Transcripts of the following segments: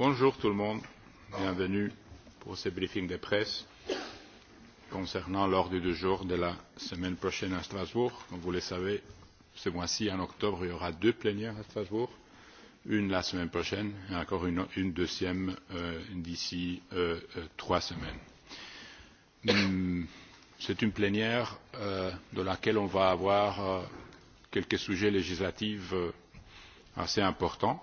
Bonjour tout le monde, bienvenue pour ce briefing de presse concernant l'ordre du jour de la semaine prochaine à Strasbourg. Comme vous le savez, ce mois-ci, en octobre, il y aura deux plénières à Strasbourg, une la semaine prochaine et encore une deuxième d'ici trois semaines. C'est une plénière de laquelle on va avoir quelques sujets législatifs assez importants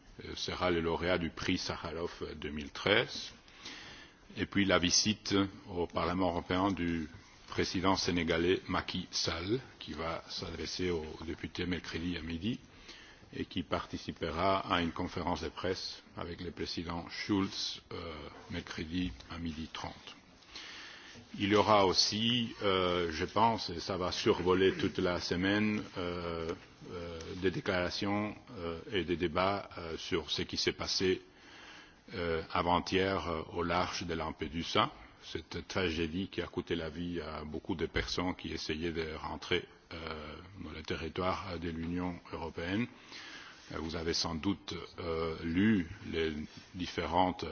sera le lauréat du prix Sakharov 2013. Et puis la visite au Parlement européen du président sénégalais Macky Sall, qui va s'adresser aux députés mercredi à midi et qui participera à une conférence de presse avec le président Schulz mercredi à midi 30. Il y aura aussi, je pense, et ça va survoler toute la semaine, des déclarations et des débats sur ce qui s'est passé avant-hier au large de Lampedusa, cette tragédie qui a coûté la vie à beaucoup de personnes qui essayaient de rentrer dans le territoire de l'Union européenne. Vous avez sans doute lu les différentes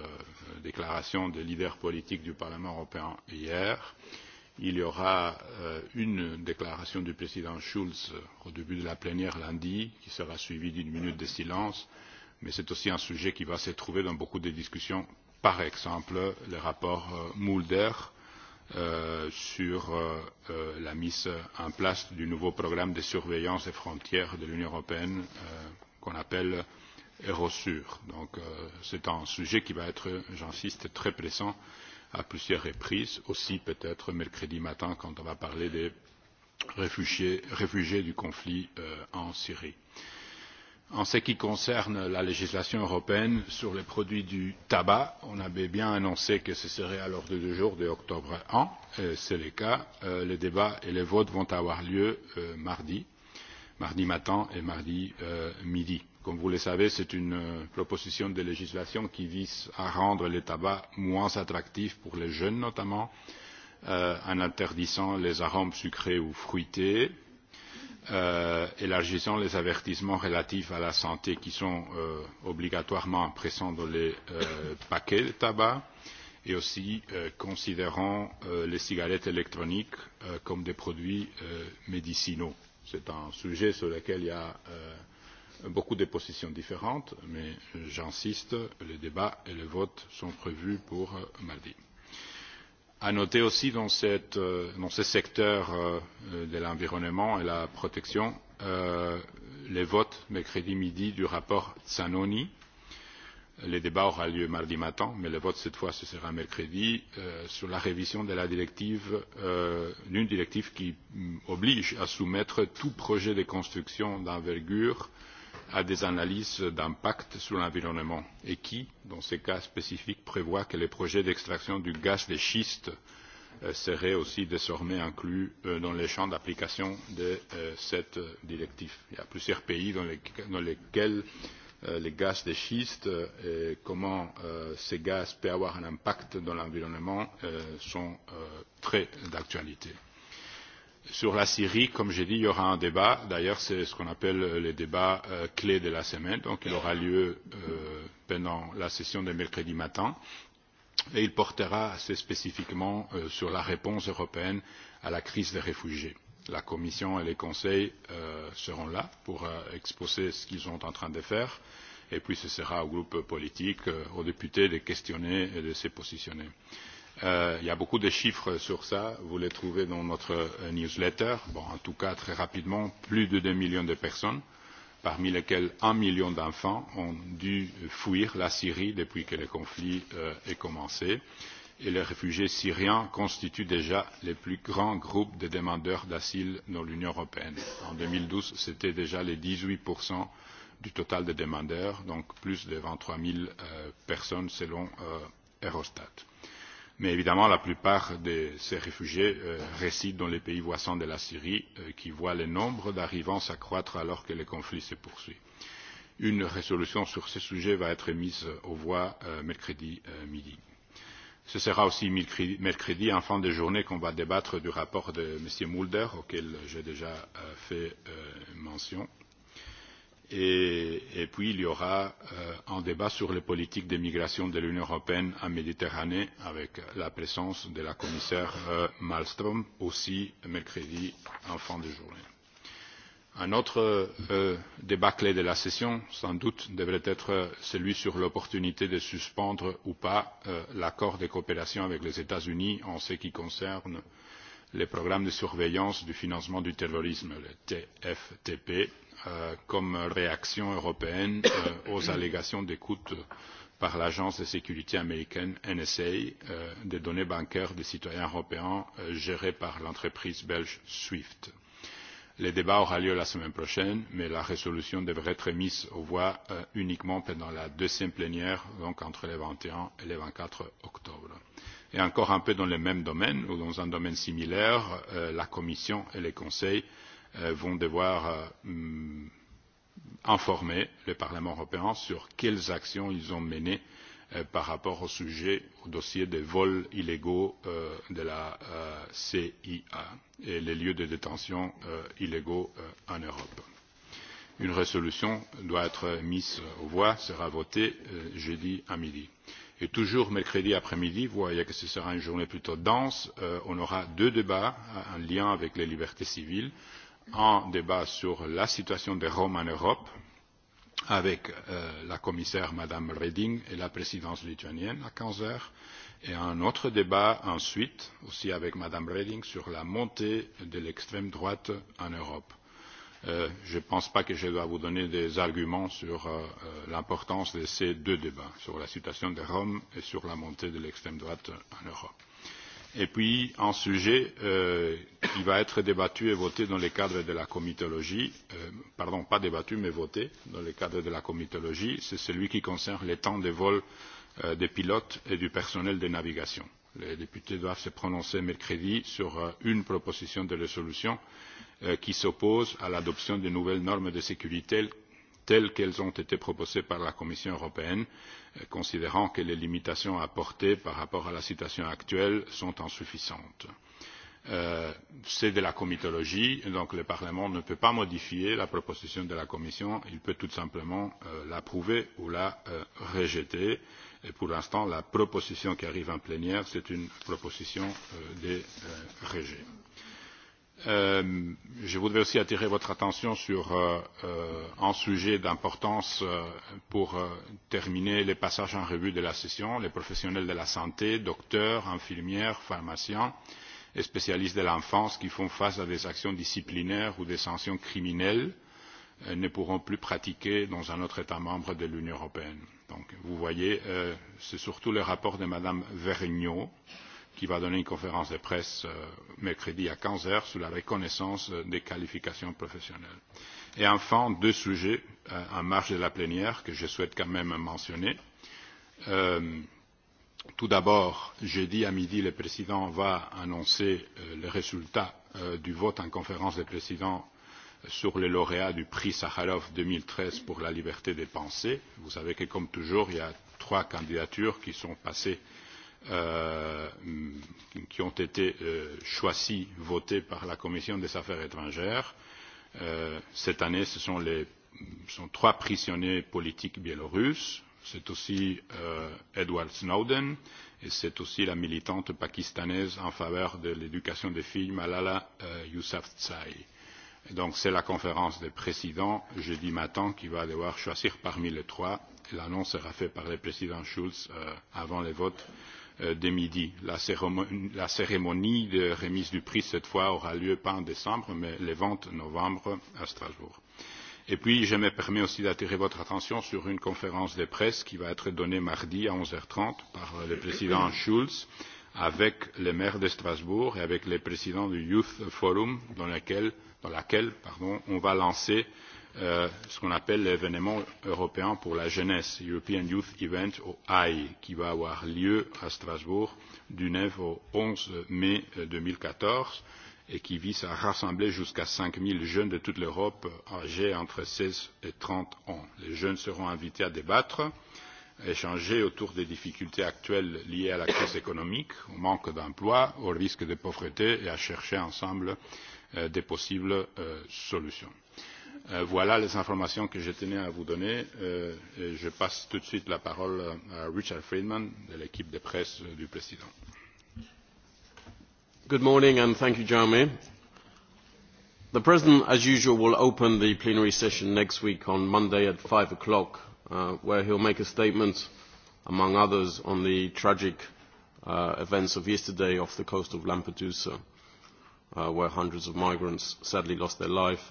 déclarations des leaders politiques du Parlement européen hier il y aura une déclaration du président schulz au début de la plénière lundi qui sera suivie d'une minute de silence mais c'est aussi un sujet qui va se trouver dans beaucoup de discussions par exemple le rapport mulder sur la mise en place du nouveau programme de surveillance des frontières de l'union européenne qu'on appelle eurosur. donc c'est un sujet qui va être j'insiste très pressant à plusieurs reprises, aussi peut-être mercredi matin quand on va parler des réfugiés du conflit en Syrie. En ce qui concerne la législation européenne sur les produits du tabac, on avait bien annoncé que ce serait à l'ordre du jour de octobre 1. C'est le cas. Les débats et les votes vont avoir lieu mardi, mardi matin et mardi midi. Comme vous le savez, c'est une proposition de législation qui vise à rendre le tabac moins attractif pour les jeunes notamment, en interdisant les arômes sucrés ou fruités, élargissant les avertissements relatifs à la santé qui sont obligatoirement présents dans les paquets de tabac, et aussi considérant les cigarettes électroniques comme des produits médicinaux. C'est un sujet sur lequel il y a beaucoup de positions différentes, mais j'insiste, le débat et le vote sont prévus pour mardi. À noter aussi dans ce secteur de l'environnement et la protection les votes mercredi midi du rapport Zanoni. Le débat aura lieu mardi matin, mais le vote cette fois ce sera mercredi sur la révision de la directive, d'une directive qui oblige à soumettre tout projet de construction d'envergure à des analyses d'impact sur l'environnement et qui, dans ces cas spécifiques, prévoit que les projets d'extraction du gaz de schiste seraient aussi désormais inclus dans les champs d'application de cette directive. Il y a plusieurs pays dans lesquels les gaz de schiste et comment ces gaz peuvent avoir un impact dans l'environnement sont très d'actualité. Sur la Syrie, comme j'ai dit, il y aura un débat. D'ailleurs, c'est ce qu'on appelle les débats clés de la semaine. Donc, il aura lieu pendant la session de mercredi matin. Et il portera assez spécifiquement sur la réponse européenne à la crise des réfugiés. La Commission et les conseils seront là pour exposer ce qu'ils sont en train de faire. Et puis, ce sera au groupe politique, aux députés de questionner et de se positionner. Il y a beaucoup de chiffres sur cela, Vous les trouvez dans notre newsletter. en tout cas, très rapidement, plus de deux millions de personnes, parmi lesquelles un million d'enfants, ont dû fuir la Syrie depuis que le conflit a commencé. Et les réfugiés syriens constituent déjà le plus grand groupe de demandeurs d'asile dans l'Union européenne. En deux mille douze, c'était déjà les huit du total des demandeurs, donc plus de trois zéro personnes selon Eurostat. Mais évidemment, la plupart de ces réfugiés résident dans les pays voisins de la Syrie, qui voient le nombre d'arrivants s'accroître alors que le conflit se poursuit. Une résolution sur ce sujet va être mise aux voix mercredi midi. Ce sera aussi mercredi, en fin de journée, qu'on va débattre du rapport de M. Mulder, auquel j'ai déjà fait mention et puis il y aura un débat sur les politiques d'immigration de l'union européenne en méditerranée avec la présence de la commissaire Malmstrom, aussi mercredi en fin de journée. un autre débat clé de la session sans doute devrait être celui sur l'opportunité de suspendre ou pas l'accord de coopération avec les états unis en ce qui concerne les programmes de surveillance du financement du terrorisme le tftp comme réaction européenne aux allégations d'écoute par l'agence de sécurité américaine NSA des données bancaires des citoyens européens gérées par l'entreprise belge SWIFT. Le débat aura lieu la semaine prochaine, mais la résolution devrait être mise aux voix uniquement pendant la deuxième plénière, donc entre le 21 et le 24 octobre. Et encore un peu dans le même domaine, ou dans un domaine similaire, la Commission et le Conseil vont devoir informer le Parlement européen sur quelles actions ils ont menées par rapport au sujet, au dossier des vols illégaux de la CIA et les lieux de détention illégaux en Europe. Une résolution doit être mise aux voix, sera votée jeudi à midi. Et toujours mercredi après-midi, vous voyez que ce sera une journée plutôt dense, on aura deux débats en lien avec les libertés civiles un débat sur la situation des Roms en Europe avec la commissaire Mme Reding et la présidence lituanienne à 15 heures et un autre débat ensuite aussi avec Mme Reding sur la montée de l'extrême droite en Europe. Je ne pense pas que je dois vous donner des arguments sur l'importance de ces deux débats, sur la situation des Roms et sur la montée de l'extrême droite en Europe et puis un sujet qui va être débattu et voté dans le cadre de la comitologie pardon pas débattu mais voté dans le cadre de la comitologie c'est celui qui concerne les temps de vol des pilotes et du personnel de navigation. les députés doivent se prononcer mercredi sur une proposition de résolution qui s'oppose à l'adoption de nouvelles normes de sécurité telles qu'elles ont été proposées par la Commission européenne, considérant que les limitations apportées par rapport à la situation actuelle sont insuffisantes. C'est de la comitologie, donc le Parlement ne peut pas modifier la proposition de la Commission, il peut tout simplement l'approuver ou la rejeter. Et pour l'instant, la proposition qui arrive en plénière, c'est une proposition des rejet. Je voudrais aussi attirer votre attention sur un sujet d'importance pour terminer les passages en revue de la session les professionnels de la santé, docteurs, infirmières, pharmaciens et spécialistes de l'enfance qui font face à des actions disciplinaires ou des sanctions criminelles ne pourront plus pratiquer dans un autre État membre de l'Union européenne. Donc vous voyez, c'est surtout le rapport de Mme Vergniaud qui va donner une conférence de presse mercredi à 15 heures sur la reconnaissance des qualifications professionnelles. Et enfin, deux sujets en marge de la plénière que je souhaite quand même mentionner. Tout d'abord, jeudi à midi, le président va annoncer les résultats du vote en conférence des présidents sur les lauréats du prix Sakharov 2013 pour la liberté des pensées. Vous savez que, comme toujours, il y a trois candidatures qui sont passées qui ont été choisis, votés par la Commission des affaires étrangères. Cette année, ce sont les trois prisonniers politiques biélorusses. C'est aussi Edward Snowden et c'est aussi la militante pakistanaise en faveur de l'éducation des filles Malala Yousafzai. Donc c'est la conférence des présidents jeudi matin qui va devoir choisir parmi les trois. L'annonce sera faite par le président Schulz avant les votes de midi. La cérémonie de remise du prix, cette fois, aura lieu pas en décembre, mais le 20 novembre à Strasbourg. Et puis, je me permets aussi d'attirer votre attention sur une conférence de presse qui va être donnée mardi à 11h30 par le président Schulz avec le maire de Strasbourg et avec le président du Youth Forum, dans laquelle on va lancer ce qu'on appelle l'événement européen pour la jeunesse, European Youth Event ou AI, qui va avoir lieu à Strasbourg du 9 au 11 mai 2014 et qui vise à rassembler jusqu'à 5000 jeunes de toute l'Europe âgés entre 16 et 30 ans. Les jeunes seront invités à débattre, à échanger autour des difficultés actuelles liées à la crise économique, au manque d'emploi, au risque de pauvreté et à chercher ensemble des possibles solutions. Voilà les informations que je tenais à vous donner. Je passe tout de suite la parole à Richard Friedman de l'équipe de presse du président. Good morning and thank you, Jeremy. The President, as usual, will open the plenary session next week on Monday at five o'clock, where he'll make a statement, among others, on the tragic events of yesterday off the coast of Lampedusa, where hundreds of migrants sadly lost their lives.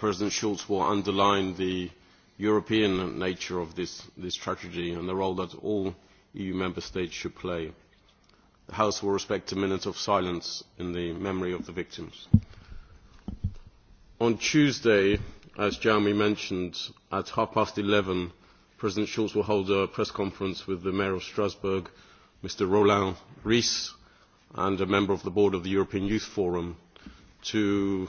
President Schulz will underline the European nature of this tragedy and the role that all EU member states should play. The House will respect a minute of silence in the memory of the victims. On Tuesday, as Jeremy mentioned, at half past 11, President Schulz will hold a press conference with the Mayor of Strasbourg, Mr. Roland Ries, and a member of the board of the European Youth Forum to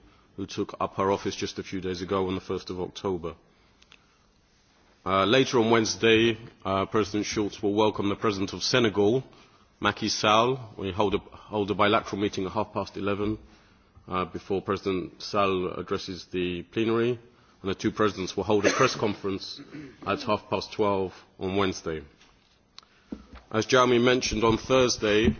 who took up her office just a few days ago on the 1st of October. Later on Wednesday, President Schulz will welcome the President of Senegal, Macky Sall. We hold a bilateral meeting at half past 11 before President Sall addresses the plenary, and the two presidents will hold a press conference at half past 12 on Wednesday. As Jeremy mentioned, on Thursday,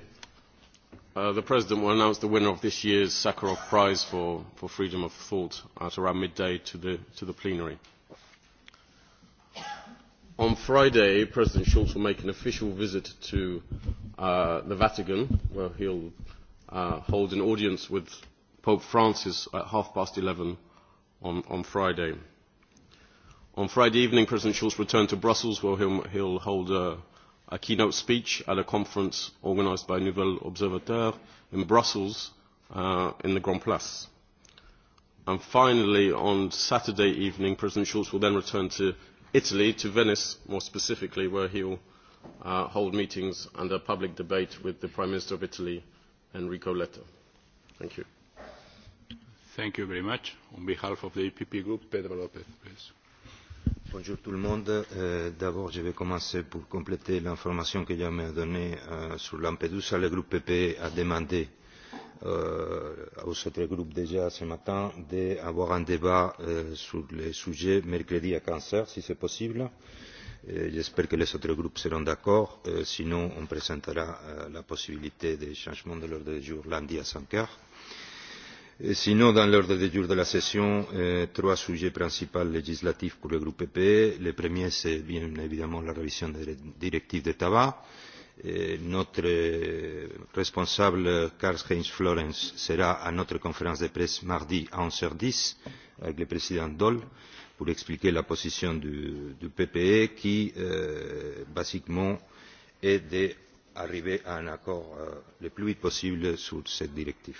The President will announce the winner of this year's Sakharov Prize for for Freedom of Thought at around midday to the to the plenary. On Friday, President Schulz will make an official visit to the Vatican, where he'll uh hold an audience with Pope Francis at half past 11 on Friday. On Friday evening, President Schulz return to Brussels, where he'll he'll hold a a keynote speech at a conference organized by Nouvel Observateur in Brussels in the Grand Place. And finally, on Saturday evening, President Schulz will then return to Italy, to Venice more specifically, where he will hold meetings and a public debate with the Prime Minister of Italy, Enrico Letta. Thank you. Thank you very much. On behalf of the EPP Group, Pedro López, please. Bonjour tout le monde. D'abord, je vais commencer pour compléter l'information que m'a donnée sur Lampedusa. Le groupe PP a demandé aux autres groupes déjà ce matin d'avoir un débat sur le sujet mercredi à cancer, si c'est possible. J'espère que les autres groupes seront d'accord. Sinon, on présentera la possibilité des changements de l'ordre du jour lundi à 5 heures Sinon, dans l'ordre du jour de la session, trois sujets principaux législatifs pour le groupe PPE. Le premier, c'est bien évidemment la révision de la directive de tabac. Notre responsable, Karl-Heinz Florence, sera à notre conférence de presse mardi à 11h10 avec le président Daul pour expliquer la position du PPE qui, basiquement, est d'arriver à un accord le plus vite possible sur cette directive.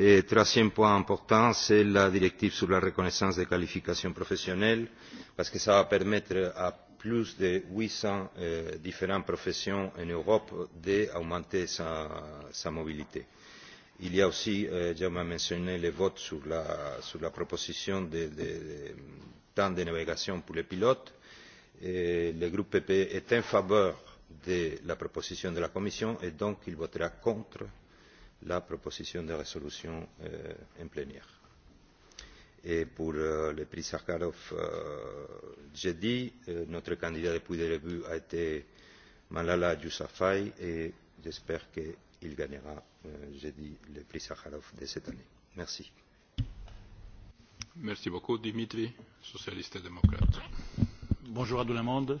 Et troisième point important, c'est la directive sur la reconnaissance des qualifications professionnelles, parce que ça va permettre à plus de 800 différentes professions en Europe d'augmenter sa mobilité. Il y a aussi, j'ai mentionné, le vote sur la proposition de temps de navigation pour les pilotes. Le groupe PP est en faveur de la proposition de la Commission et donc il votera contre la proposition de résolution en plénière. Et pour le prix Sakharov, j'ai dit, notre candidat depuis le début a été Malala Yousafzai et j'espère qu'il gagnera, j'ai dit, le prix Sakharov de cette année. Merci. Merci beaucoup, Dimitri, socialiste et démocrate. Bonjour à tout le monde.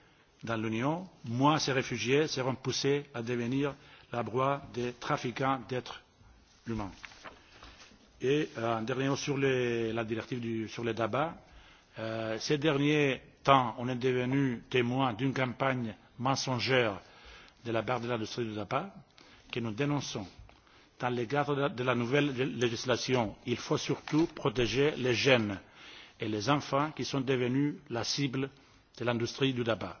dans l'Union, moins ces réfugiés seront poussés à devenir la proie des trafiquants d'êtres humains. Et en dernier sur la directive sur le tabac, ces derniers temps, on est devenu témoin d'une campagne mensongère de la part de l'industrie du tabac que nous dénonçons. Dans le cadre de la nouvelle législation, il faut surtout protéger les jeunes et les enfants qui sont devenus la cible de l'industrie du tabac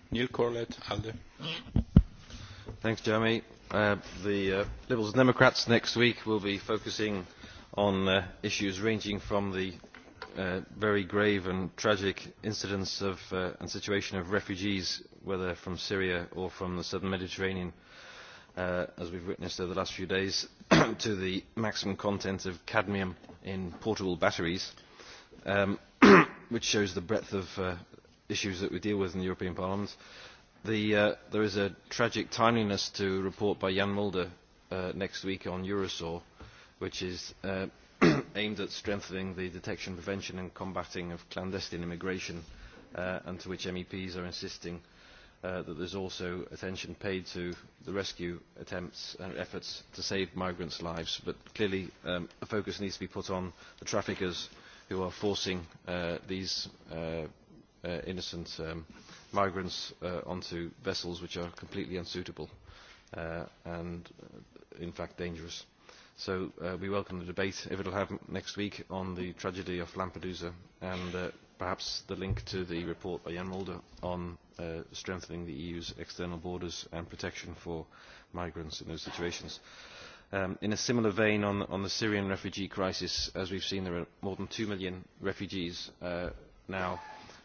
Neil Corlett, The Liberals and Democrats next week will be focusing on issues ranging from the very grave and tragic incidents and situation of refugees, whether from Syria or from the southern Mediterranean, as we've witnessed over the last few days, to the maximum content of cadmium in portable batteries, which shows the breadth of issues that we deal with in the European Parliament. There is a tragic timeliness to report by Jan Mulder next week on Eurosor, which is aimed at strengthening the detection, prevention and combating of clandestine immigration, and to which MEPs are insisting that there's also attention paid to the rescue attempts and efforts to save migrants' lives. But clearly a focus needs to be put on the traffickers who are forcing these innocent migrants onto vessels which are completely unsuitable and, in fact, dangerous. So we welcome the debate, if it will happen next week, on the tragedy of Lampedusa and perhaps the link to the report by Jan Mulder on strengthening the EU's external borders and protection for migrants in those situations. In a similar vein on the Syrian refugee crisis, as we've seen, there are more than 2 million refugees now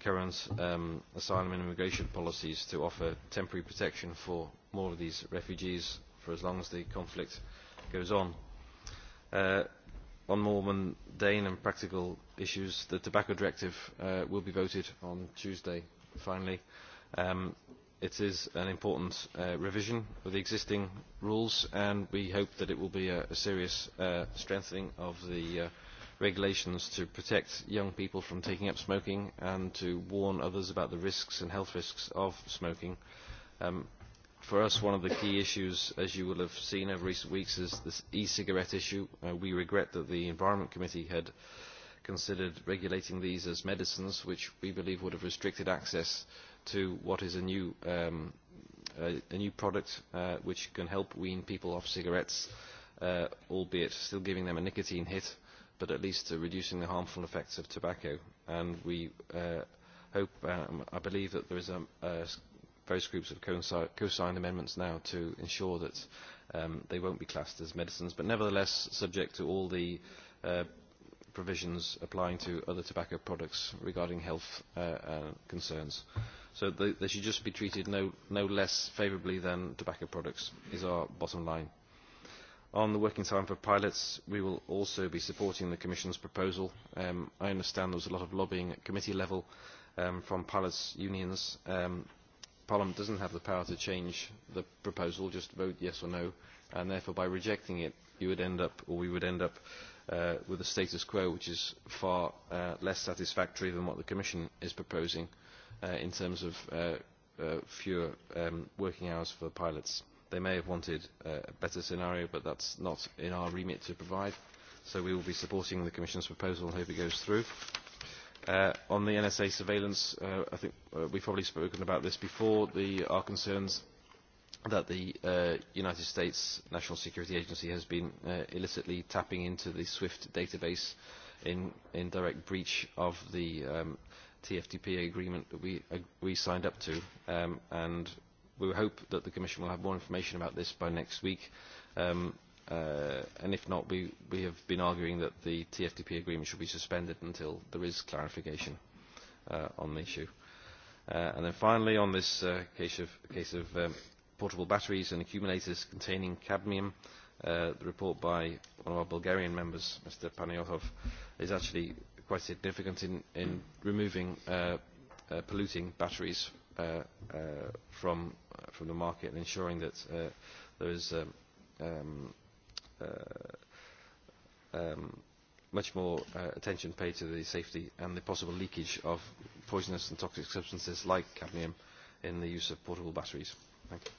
current asylum and immigration policies to offer temporary protection for more of these refugees for as long as the conflict goes on. On more mundane and practical issues, the tobacco directive will be voted on Tuesday, finally. It is an important revision of the existing rules, and we hope that it will be a serious strengthening of the regulations to protect young people from taking up smoking and to warn others about the risks and health risks of smoking. For us, one of the key issues, as you will have seen over recent weeks, is this e-cigarette issue. We regret that the Environment Committee had considered regulating these as medicines, which we believe would have restricted access to what is a new a new product which can help wean people off cigarettes, albeit still giving them a nicotine hit but at least to reducing the harmful effects of tobacco. And we hope, I believe that there is a various groups of co-signed amendments now to ensure that they won't be classed as medicines, but nevertheless subject to all the provisions applying to other tobacco products regarding health concerns. So they should just be treated no less favourably than tobacco products, is our bottom line. On the working time for pilots, we will also be supporting the Commission's proposal. I understand there was a lot of lobbying at committee level from pilots' unions. Parliament doesn't have the power to change the proposal, just vote yes or no, and therefore by rejecting it, you would end up, or we would end up, with a status quo which is far less satisfactory than what the Commission is proposing in terms of fewer working hours for pilots. They may have wanted a better scenario, but that's not in our remit to provide. So we will be supporting the Commission's proposal and hope it goes through. On the NSA surveillance, I think we've probably spoken about this before. Our concerns that the United States National Security Agency has been illicitly tapping into the SWIFT database in direct breach of the TFTP agreement that we signed up to. And we hope that the Commission will have more information about this by next week. and if not, we, have been arguing that the TFTP agreement should be suspended until there is clarification on the issue. and then finally, on this case of, case of portable batteries and accumulators containing cadmium, the report by one of our Bulgarian members, Mr. Paniotov, is actually quite significant in, in removing polluting batteries from from the market and ensuring that there is much more attention paid to the safety and the possible leakage of poisonous and toxic substances like cadmium in the use of portable batteries. Thank you.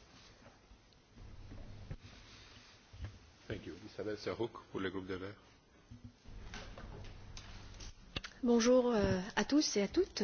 Thank you. Isabelle Serhouk pour le groupe de Bonjour à tous et à toutes.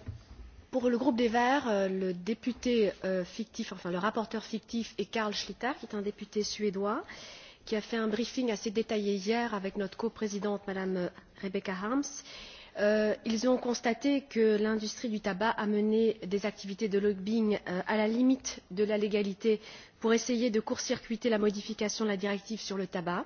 Pour le groupe des Verts, le député fictif, enfin le rapporteur fictif est Karl Schlitter, qui est un député suédois, qui a fait un briefing assez détaillé hier avec notre coprésidente, Madame Rebecca Harms. Ils ont constaté que l'industrie du tabac a mené des activités de lobbying à la limite de la légalité pour essayer de court-circuiter la modification de la directive sur le tabac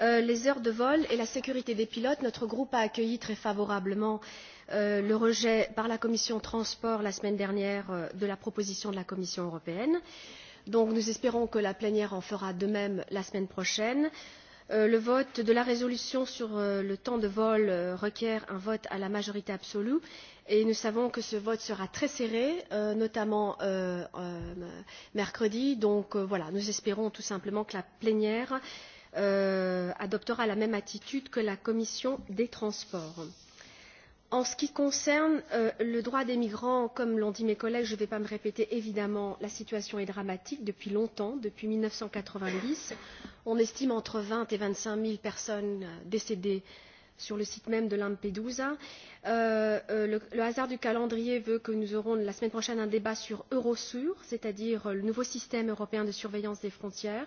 les heures de vol et la sécurité des pilotes notre groupe a accueilli très favorablement le rejet par la commission Transport la semaine dernière de la proposition de la commission européenne nous espérons que la plénière en fera de même la semaine prochaine. le vote de la résolution sur le temps de vol requiert un vote à la majorité absolue et nous savons que ce vote sera très serré notamment mercredi nous espérons tout simplement que la plénière adoptera la même attitude que la commission des transports. En ce qui concerne le droit des migrants, comme l'ont dit mes collègues, je ne vais pas me répéter évidemment la situation est dramatique depuis longtemps, depuis mille neuf cent quatre vingt dix. On estime entre vingt et vingt cinq personnes décédées sur le site même de Lampedusa. Le hasard du calendrier veut que nous aurons la semaine prochaine un débat sur Eurosur, c'est à dire le nouveau système européen de surveillance des frontières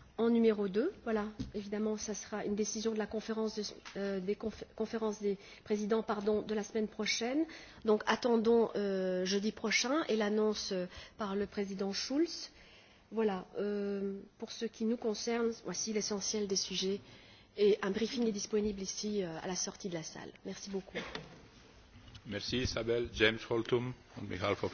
numéro deux Voilà, évidemment, ce sera une décision de la conférence des conférences des présidents pardon, de la semaine prochaine. Donc attendons jeudi prochain et l'annonce par le président Schulz. Voilà, pour ce qui nous concerne, voici l'essentiel des sujets et un briefing est disponible ici à la sortie de la salle. Merci beaucoup. Merci Isabelle. James Holtum, on behalf of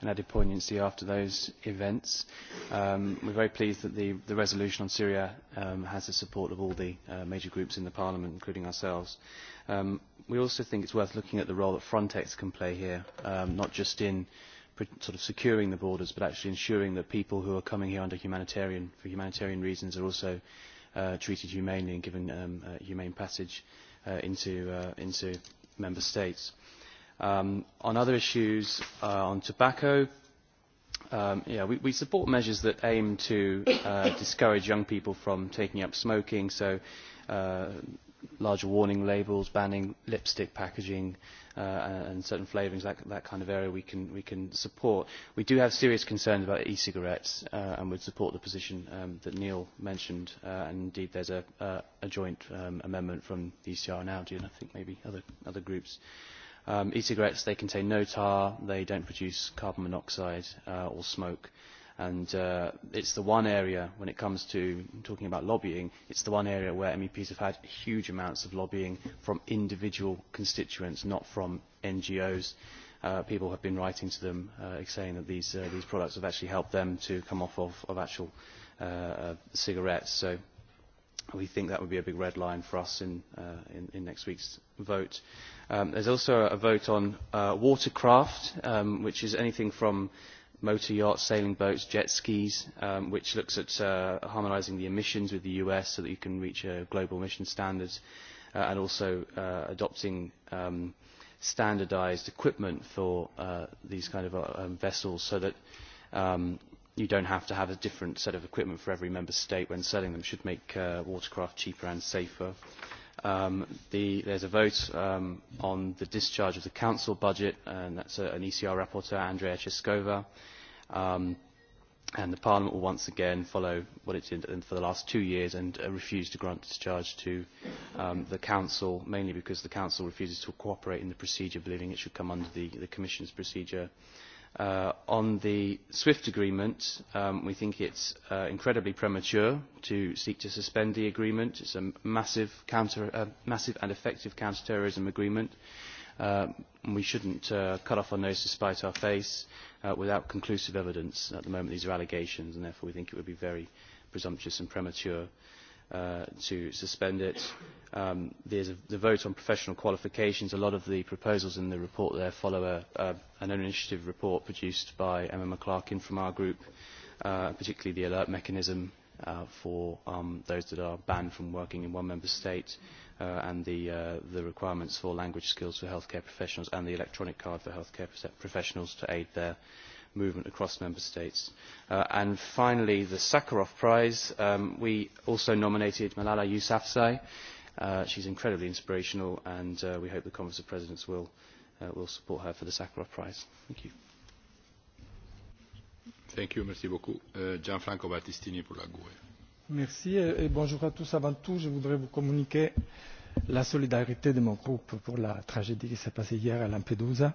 and added poignancy after those events. We're very pleased that the resolution on Syria has the support of all the major groups in the Parliament, including ourselves. We also think it's worth looking at the role that Frontex can play here, not just in sort of securing the borders, but actually ensuring that people who are coming here under humanitarian, for humanitarian reasons, are also treated humanely and given humane passage into into member states. On other issues, on tobacco, we support measures that aim to discourage young people from taking up smoking, so larger warning labels, banning lipstick packaging and certain flavourings, that kind of area we can support. We do have serious concerns about e-cigarettes and would support the position that Neil mentioned. And indeed, there's a joint amendment from the ECR and ALDE and I think maybe other groups. E-cigarettes, they contain no tar, they don't produce carbon monoxide or smoke. And it's the one area, when it comes to talking about lobbying, it's the one area where MEPs have had huge amounts of lobbying from individual constituents, not from NGOs. People have been writing to them saying that these products have actually helped them to come off of actual cigarettes. So We think that would be a big red line for us in next week's vote. There's also a vote on watercraft, which is anything from motor yachts, sailing boats, jet skis, which looks at harmonising the emissions with the US so that you can reach global emission standards, and also adopting standardised equipment for these kind of vessels so that you don't have to have a different set of equipment for every member state when selling them should make watercraft cheaper and safer. There's a vote on the discharge of the council budget, and that's an ECR rapporteur, Andrea Cheskova. And the Parliament will once again follow what it did for the last two years and refuse to grant discharge to the Council, mainly because the Council refuses to cooperate in the procedure, believing it should come under the Commission's procedure. On the SWIFT agreement, we think it's incredibly premature to seek to suspend the agreement. It's a massive and effective counter terrorism agreement. We shouldn't cut off our nose to spite our face without conclusive evidence. At the moment, these are allegations, and therefore we think it would be very presumptuous and premature to suspend it. There's the vote on professional qualifications. A lot of the proposals in the report there follow an initiative report produced by Emma McClarkin from our group, particularly the alert mechanism for those that are banned from working in one member state and the requirements for language skills for healthcare professionals and the electronic card for healthcare professionals to aid their movement across member states. And finally, the Sakharov Prize. We also nominated Malala Yousafzai. She's incredibly inspirational, and we hope the Conference of Presidents will support her for the Sakharov Prize. Thank you. Thank you, merci beaucoup. Gianfranco Battistini pour la GUE. Merci et bonjour à tous. Avant tout, je voudrais vous communiquer la solidarité de mon groupe pour la tragédie qui s'est passée hier à Lampedusa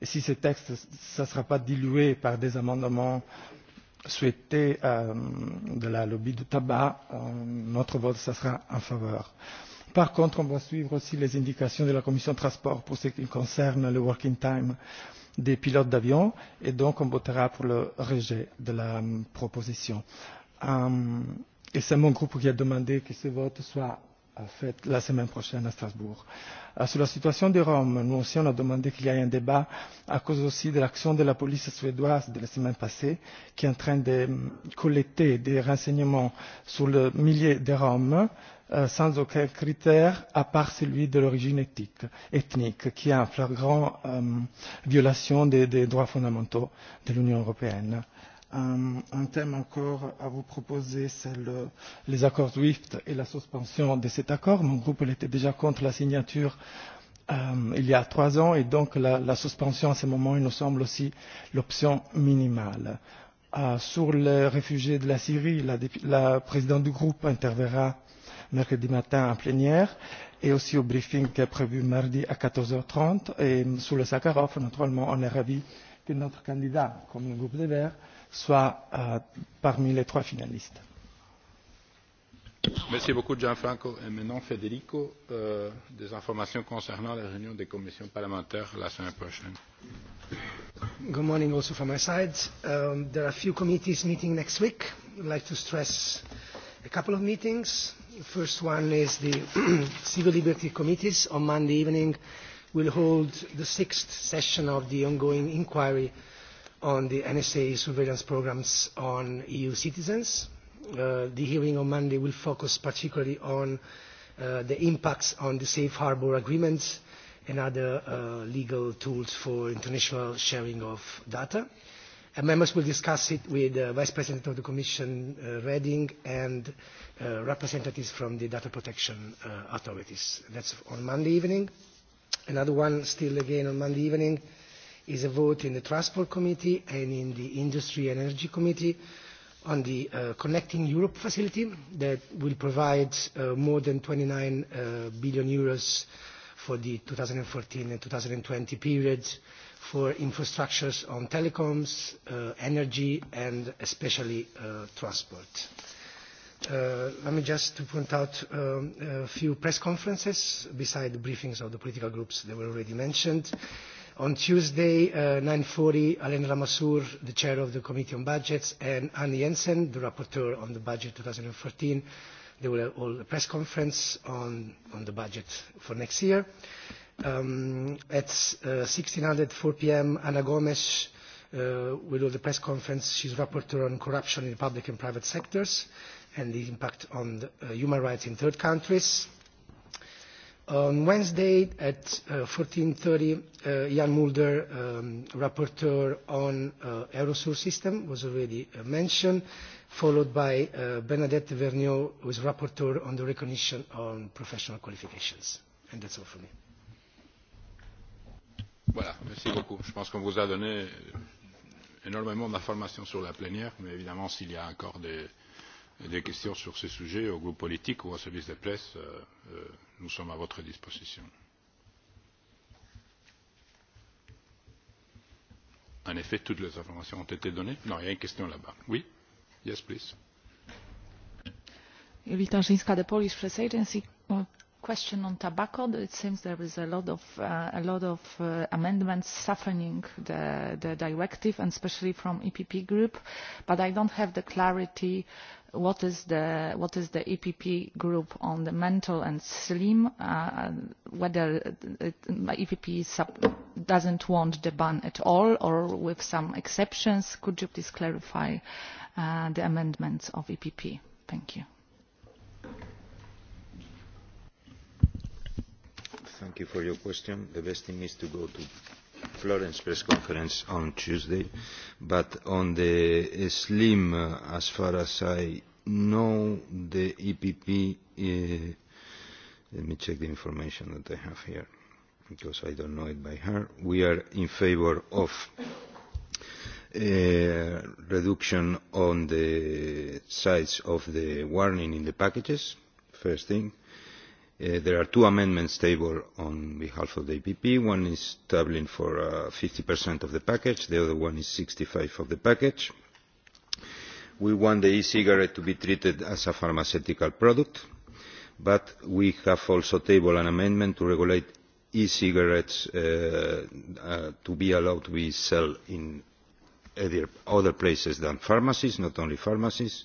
et si ce texte ne sera pas dilué par des amendements souhaités de la lobby du tabac, notre vote sera en faveur. Par contre, on doit suivre aussi les indications de la Commission des transports pour ce qui concerne le working time des pilotes d'avion et donc on votera pour le rejet de la proposition. c'est mon groupe qui a demandé que ce vote soit fait la semaine prochaine à Strasbourg. Sur la situation des Roms, nous aussi on a demandé qu'il y ait un débat à cause aussi de l'action de la police suédoise de la semaine passée qui est en train de collecter des renseignements sur le millier de Roms sans aucun critère à part celui de l'origine ethnique qui est une flagrant violation des droits fondamentaux de l'Union européenne un thème encore à vous proposer, c'est les accords SWIFT et la suspension de cet accord. Mon groupe était déjà contre la signature il y a trois ans et donc la suspension à ce moment, il nous semble aussi l'option minimale. Sur les réfugiés de la Syrie, la présidente du groupe interverra mercredi matin en plénière et aussi au briefing qui est prévu mardi à 14h30. Et sur le Sakharov, naturellement, on est ravis que notre candidat, comme le groupe des Verts, soit parmi les trois finalistes. Merci beaucoup, Gianfranco. Et maintenant, Federico, des informations concernant la réunion des commissions parlementaires la semaine prochaine. Good morning also from my side. There are a few committees meeting next week. I'd like to stress a couple of meetings. The first one is the Civil Liberty Committees on Monday evening will hold the sixth session of the ongoing inquiry on the NSA surveillance programs on EU citizens. The hearing on Monday will focus particularly on the impacts on the safe harbour agreements and other legal tools for international sharing of data. And members will discuss it with the Vice President of the Commission, Reding, and representatives from the data protection authorities. That's on Monday evening. Another one, still again on Monday evening, is a vote in the Transport Committee and in the Industry and Energy Committee on the Connecting Europe facility that will provide more than 29 billion euros for the 2014 and 2020 period for infrastructures on telecoms, energy and especially transport. Let me just point out a few press conferences beside the briefings of the political groups that were already mentioned. On Tuesday, 9.40, Alain Ramassour, the chair of the Committee on Budgets, and Anne Jensen, the rapporteur on the budget 2014, they will hold a press conference on the budget for next year. At 16.04 p.m., Ana Gomes will hold the press conference. She's rapporteur on corruption in the public and private sectors and the impact on human rights in third countries. On Wednesday at 14.30, Jan Mulder, rapporteur on aerosur system, was already mentioned, followed by Bernadette Vergniaud, who is rapporteur on the recognition on professional qualifications. And that's all for me. Voilà, merci beaucoup. Je pense qu'on vous a donné énormément d'informations sur la plénière, mais évidemment, s'il y a encore des des questions sur ce sujet au groupe politique ou au service de presse, nous sommes à votre disposition. En effet, toutes les informations ont été données. Non, il y a une question là-bas. Oui Yes, please. Witam The Polish Press Agency question on tobacco, it seems there is a lot of a lot of amendments softening the the directive, and especially from EPP group. But I don't have the clarity what is the what is the EPP group on the mental and slim, whether EPP doesn't want the ban at all or with some exceptions. Could you please clarify the amendments of EPP? Thank you. Thank you for your question. The best thing is to go to Florence press conference on Tuesday, but on the slim, as far as I know, the EPP. Let me check the information that I have here, because I don't know it by heart. We are in favor of reduction on the size of the warning in the packages. First thing. There are two amendments tabled on behalf of the EPP. One is tabling for 50% of the package. The other one is sixty five of the package. We want the e-cigarette to be treated as a pharmaceutical product, but we have also tabled an amendment to regulate e-cigarettes to be allowed to be sold in other places than pharmacies, not only pharmacies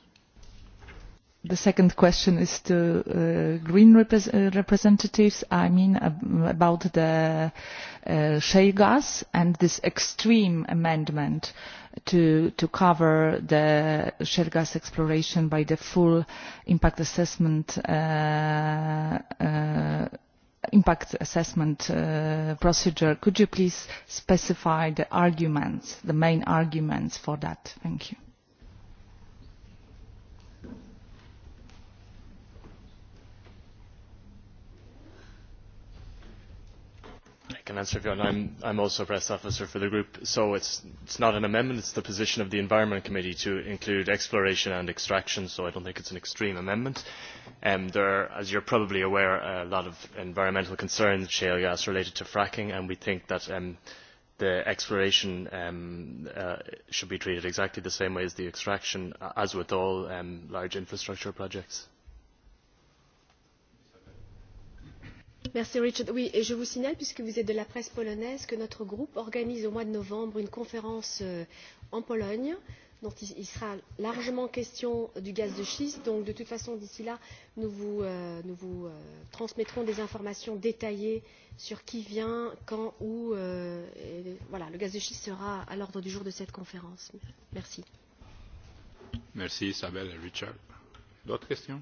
The second question is to green representatives, I mean about the shale gas and this extreme amendment to cover the shale gas exploration by the full impact assessment impact assessment procedure. Could you please specify the arguments, the main arguments for that? Thank you. can answer if I'm, also a press officer for the group, so it's, it's not an amendment, it's the position of the Environment Committee to include exploration and extraction, so I don't think it's an extreme amendment. there are, as you're probably aware, a lot of environmental concerns, shale gas related to fracking, and we think that the exploration should be treated exactly the same way as the extraction, as with all large infrastructure projects. Merci Richard. Oui, et je vous signale, puisque vous êtes de la presse polonaise, que notre groupe organise au mois de novembre une conférence en Pologne dont il sera largement question du gaz de schiste. Donc, de toute façon, d'ici là, nous vous transmettrons des informations détaillées sur qui vient, quand, où. Voilà, le gaz de schiste sera à l'ordre du jour de cette conférence. Merci. Merci Isabelle et Richard. D'autres questions